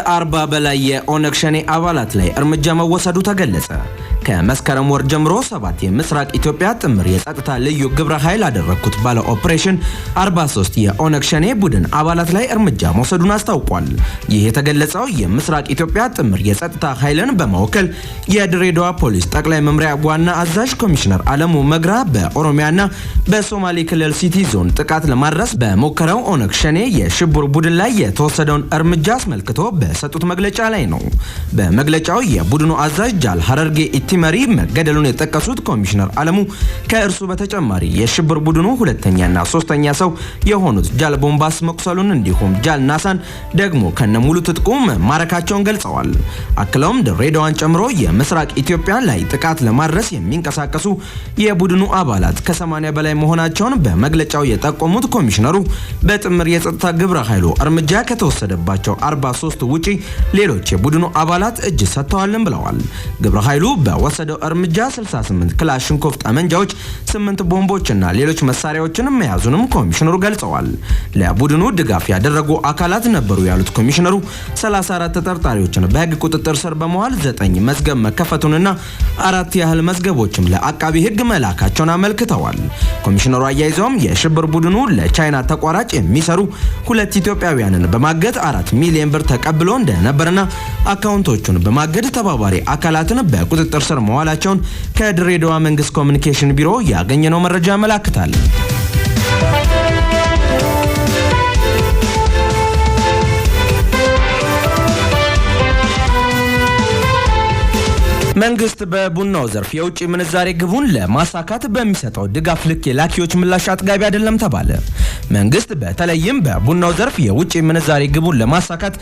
ከአርባ በላይ የኦነግ ሸኔ አባላት ላይ እርምጃ መወሰዱ ተገለጸ። ከመስከረም ወር ጀምሮ ሰባት የምስራቅ ኢትዮጵያ ጥምር የጸጥታ ልዩ ግብረ ኃይል አደረግኩት ባለ ኦፕሬሽን 43 የኦነግ ሸኔ ቡድን አባላት ላይ እርምጃ መውሰዱን አስታውቋል። ይህ የተገለጸው የምስራቅ ኢትዮጵያ ጥምር የጸጥታ ኃይልን በመወከል የድሬዳዋ ፖሊስ ጠቅላይ መምሪያ ዋና አዛዥ ኮሚሽነር አለሙ መግራ በኦሮሚያና በሶማሌ ክልል ሲቲ ዞን ጥቃት ለማድረስ በሞከረው ኦነግ ሸኔ የሽብር ቡድን ላይ የተወሰደውን እርምጃ አስመልክቶ በሰጡት መግለጫ ላይ ነው። በመግለጫው የቡድኑ አዛዥ ጃል ሀረርጌ ኢቲም መሪ መገደሉን የጠቀሱት ኮሚሽነር አለሙ ከእርሱ በተጨማሪ የሽብር ቡድኑ ሁለተኛና ሶስተኛ ሰው የሆኑት ጃል ቦምባስ መቁሰሉን እንዲሁም ጃል ናሳን ደግሞ ከነሙሉ ትጥቁ መማረካቸውን ገልጸዋል። አክለውም ድሬዳዋን ጨምሮ የምስራቅ ኢትዮጵያ ላይ ጥቃት ለማድረስ የሚንቀሳቀሱ የቡድኑ አባላት ከ80 በላይ መሆናቸውን በመግለጫው የጠቆሙት ኮሚሽነሩ በጥምር የጸጥታ ግብረ ኃይሉ እርምጃ ከተወሰደባቸው 43 ውጪ ሌሎች የቡድኑ አባላት እጅ ሰጥተዋልን ብለዋል። ግብረ ኃይሉ በ ወሰደው እርምጃ 68 ክላሽንኮቭ ጠመንጃዎች፣ 8 ቦምቦችና ሌሎች መሳሪያዎችን መያዙንም ኮሚሽነሩ ገልጸዋል። ለቡድኑ ድጋፍ ያደረጉ አካላት ነበሩ ያሉት ኮሚሽነሩ 34 ተጠርጣሪዎችን በህግ ቁጥጥር ስር በመዋል 9 መዝገብ መከፈቱንና አራት ያህል መዝገቦችም ለአቃቢ ህግ መላካቸውን አመልክተዋል። ኮሚሽነሩ አያይዘውም የሽብር ቡድኑ ለቻይና ተቋራጭ የሚሰሩ ሁለት ኢትዮጵያውያንን በማገት አራት ሚሊዮን ብር ተቀብሎ እንደነበርና አካውንቶቹን በማገድ ተባባሪ አካላትን በቁጥጥር ስር መዋላቸውን ከድሬዳዋ መንግስት ኮሚኒኬሽን ቢሮ ያገኘነው መረጃ ያመላክታል። መንግስት በቡናው ዘርፍ የውጭ ምንዛሬ ግቡን ለማሳካት በሚሰጠው ድጋፍ ልክ የላኪዎች ምላሽ አጥጋቢ አይደለም ተባለ። መንግስት በተለይም በቡናው ዘርፍ የውጭ ምንዛሬ ግቡን ለማሳካት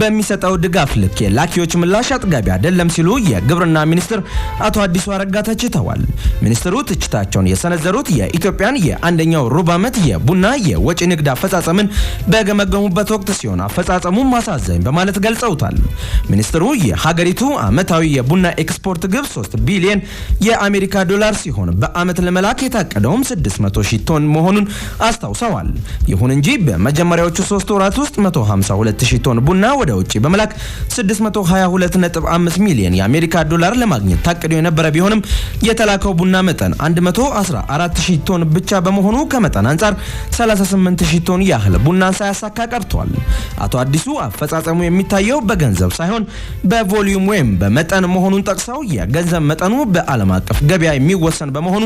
በሚሰጠው ድጋፍ ልክ የላኪዎች ምላሽ አጥጋቢ አይደለም ሲሉ የግብርና ሚኒስትር አቶ አዲሱ አረጋ ተችተዋል። ሚኒስትሩ ትችታቸውን የሰነዘሩት የኢትዮጵያን የአንደኛው ሩብ ዓመት የቡና የወጪ ንግድ አፈጻጸምን በገመገሙበት ወቅት ሲሆን አፈጻጸሙን ማሳዘኝ በማለት ገልጸውታል። ሚኒስትሩ የሀገሪቱ ዓመታዊ የቡና ኤክስ የኤክስፖርት ግብ 3 ቢሊዮን የአሜሪካ ዶላር ሲሆን በአመት ለመላክ የታቀደውም 600 ሺ ቶን መሆኑን አስታውሰዋል። ይሁን እንጂ በመጀመሪያዎቹ ሶስት ወራት ውስጥ 152 ሺ ቶን ቡና ወደ ውጭ በመላክ 622.5 ሚሊዮን የአሜሪካ ዶላር ለማግኘት ታቅዶ የነበረ ቢሆንም የተላከው ቡና መጠን 114 ሺ ቶን ብቻ በመሆኑ ከመጠን አንጻር 38 ሺ ቶን ያህል ቡና ሳያሳካ ቀርቷል። አቶ አዲሱ አፈጻጸሙ የሚታየው በገንዘብ ሳይሆን በቮሊዩም ወይም በመጠን መሆኑን ጠቅሰው የተነሳው የገንዘብ መጠኑ በዓለም አቀፍ ገበያ የሚወሰን በመሆኑ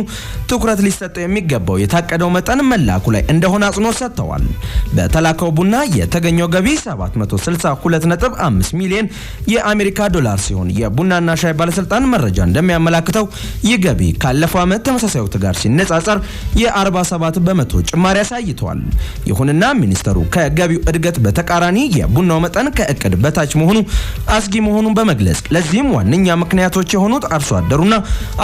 ትኩረት ሊሰጠው የሚገባው የታቀደው መጠን መላኩ ላይ እንደሆነ አጽንኦት ሰጥተዋል። በተላከው ቡና የተገኘው ገቢ 762.5 ሚሊዮን የአሜሪካ ዶላር ሲሆን የቡናና ሻይ ባለስልጣን መረጃ እንደሚያመላክተው ይህ ገቢ ካለፈው ዓመት ተመሳሳይ ወቅት ጋር ሲነጻጸር የ47 በመቶ ጭማሪ አሳይተዋል። ይሁንና ሚኒስተሩ ከገቢው እድገት በተቃራኒ የቡናው መጠን ከእቅድ በታች መሆኑ አስጊ መሆኑን በመግለጽ ለዚህም ዋነኛ ምክንያቱ ምርቶች የሆኑት አርሶ አደሩና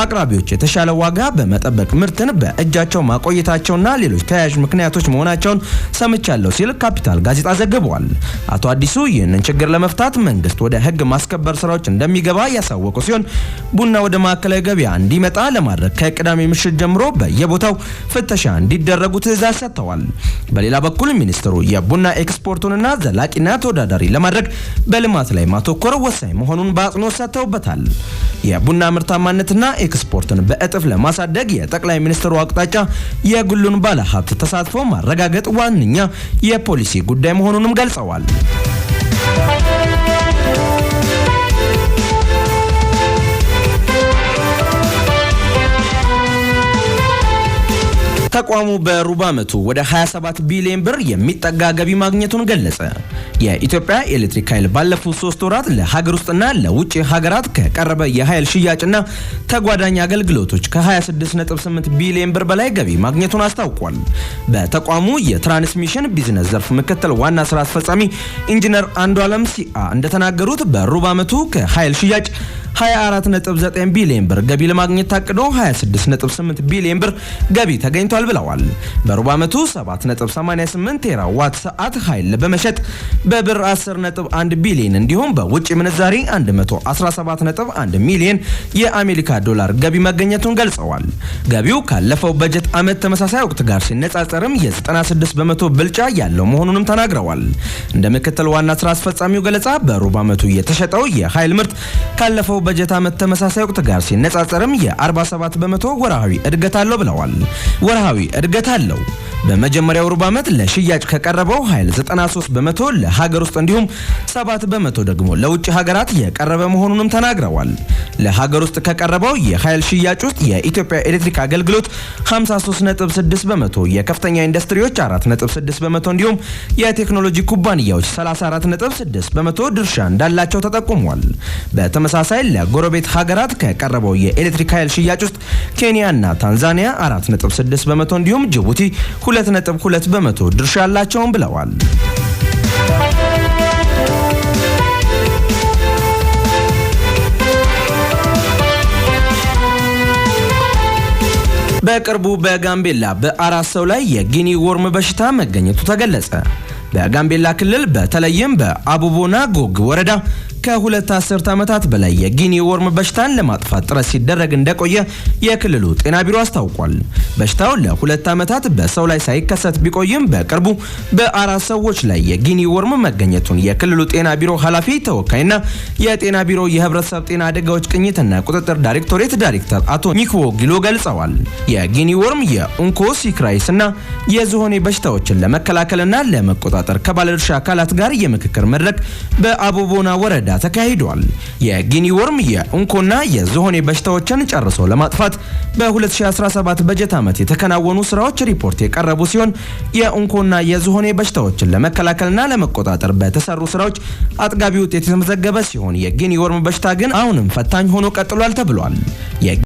አቅራቢዎች የተሻለ ዋጋ በመጠበቅ ምርትን በእጃቸው ማቆየታቸውና ሌሎች ተያያዥ ምክንያቶች መሆናቸውን ሰምቻለሁ ሲል ካፒታል ጋዜጣ ዘግቧል። አቶ አዲሱ ይህንን ችግር ለመፍታት መንግስት ወደ ህግ ማስከበር ስራዎች እንደሚገባ ያሳወቁ ሲሆን ቡና ወደ ማዕከላዊ ገበያ እንዲመጣ ለማድረግ ከቅዳሜ ምሽት ጀምሮ በየቦታው ፍተሻ እንዲደረጉ ትዕዛዝ ሰጥተዋል። በሌላ በኩል ሚኒስትሩ የቡና ኤክስፖርቱንና ዘላቂና ተወዳዳሪ ለማድረግ በልማት ላይ ማተኮር ወሳኝ መሆኑን በአጽንኦት ሰጥተውበታል። የቡና ምርታማነትና ኤክስፖርትን በእጥፍ ለማሳደግ የጠቅላይ ሚኒስትሩ አቅጣጫ የግሉን ባለሀብት ተሳትፎ ማረጋገጥ ዋነኛ የፖሊሲ ጉዳይ መሆኑንም ገልጸዋል። ተቋሙ በሩብ ዓመቱ ወደ 27 ቢሊዮን ብር የሚጠጋ ገቢ ማግኘቱን ገለጸ። የኢትዮጵያ ኤሌክትሪክ ኃይል ባለፉት ሶስት ወራት ለሀገር ውስጥና ለውጭ ሀገራት ከቀረበ የኃይል ሽያጭና ተጓዳኝ አገልግሎቶች ከ26.8 ቢሊዮን ብር በላይ ገቢ ማግኘቱን አስታውቋል። በተቋሙ የትራንስሚሽን ቢዝነስ ዘርፍ ምክትል ዋና ስራ አስፈጻሚ ኢንጂነር አንዱ ዓለም ሲአ እንደተናገሩት በሩብ ዓመቱ ከኃይል ሽያጭ 24.9 ቢሊዮን ብር ገቢ ለማግኘት ታቅዶ 26.8 ቢሊዮን ብር ገቢ ተገኝቷል ብለዋል። በሩብ ዓመቱ 7.88 ቴራዋት ሰዓት ኃይል በመሸጥ በብር 10.1 ቢሊዮን እንዲሁም በውጭ ምንዛሪ 117.1 ሚሊዮን የአሜሪካ ዶላር ገቢ መገኘቱን ገልጸዋል። ገቢው ካለፈው በጀት ዓመት ተመሳሳይ ወቅት ጋር ሲነጻጸርም የ96 በመቶ ብልጫ ያለው መሆኑንም ተናግረዋል። እንደ ምክትል ዋና ስራ አስፈጻሚው ገለጻ በሩብ ዓመቱ የተሸጠው የኃይል ምርት ካለፈው በጀት ዓመት ተመሳሳይ ወቅት ጋር ሲነጻጸርም የ47 በመቶ ወርሃዊ እድገት አለው ብለዋል። ወርሃዊ እድገት አለው በመጀመሪያው ሩብ ዓመት ለሽያጭ ከቀረበው ኃይል 93 በመቶ ለሀገር ውስጥ እንዲሁም 7 በመቶ ደግሞ ለውጭ ሀገራት የቀረበ መሆኑንም ተናግረዋል። ለሀገር ውስጥ ከቀረበው የኃይል ሽያጭ ውስጥ የኢትዮጵያ ኤሌክትሪክ አገልግሎት 53.6 በመቶ፣ የከፍተኛ ኢንዱስትሪዎች 4.6 በመቶ እንዲሁም የቴክኖሎጂ ኩባንያዎች 34.6 በመቶ ድርሻ እንዳላቸው ተጠቁሟል። በተመሳሳይ ለጎረቤት ሀገራት ከቀረበው የኤሌክትሪክ ኃይል ሽያጭ ውስጥ ኬንያ እና ታንዛኒያ 4.6 በመቶ እንዲሁም ጅቡቲ ነጥብ ሁለት በመቶ ድርሻ ያላቸውን ብለዋል። በቅርቡ በጋምቤላ በአራት ሰው ላይ የጊኒ ወርም በሽታ መገኘቱ ተገለጸ። በጋምቤላ ክልል በተለይም በአቡቦና ጎግ ወረዳ ከሁለት አስርት ዓመታት በላይ የጊኒ ወርም በሽታን ለማጥፋት ጥረት ሲደረግ እንደቆየ የክልሉ ጤና ቢሮ አስታውቋል። በሽታው ለሁለት ዓመታት በሰው ላይ ሳይከሰት ቢቆይም በቅርቡ በአራት ሰዎች ላይ የጊኒ ወርም መገኘቱን የክልሉ ጤና ቢሮ ኃላፊ ተወካይና የጤና ቢሮ የህብረተሰብ ጤና አደጋዎች ቅኝትና ቁጥጥር ዳይሬክቶሬት ዳይሬክተር አቶ ኒክዎ ጊሎ ገልጸዋል። የጊኒ ወርም የኡንኮሲክራይስ እና የዝሆኔ በሽታዎችን ለመከላከልና ለመቆጣጠር ከባለድርሻ አካላት ጋር የምክክር መድረክ በአቦቦና ወረዳ ተካሂዷል። የጊኒ ወርም የእንኮና የዝሆኔ በሽታዎችን ጨርሶ ለማጥፋት በ2017 በጀት ዓመት የተከናወኑ ስራዎች ሪፖርት የቀረቡ ሲሆን የእንኮና የዝሆኔ በሽታዎችን ለመከላከልና ለመቆጣጠር በተሰሩ ስራዎች አጥጋቢ ውጤት የተመዘገበ ሲሆን የጊኒ ወርም በሽታ ግን አሁንም ፈታኝ ሆኖ ቀጥሏል ተብሏል።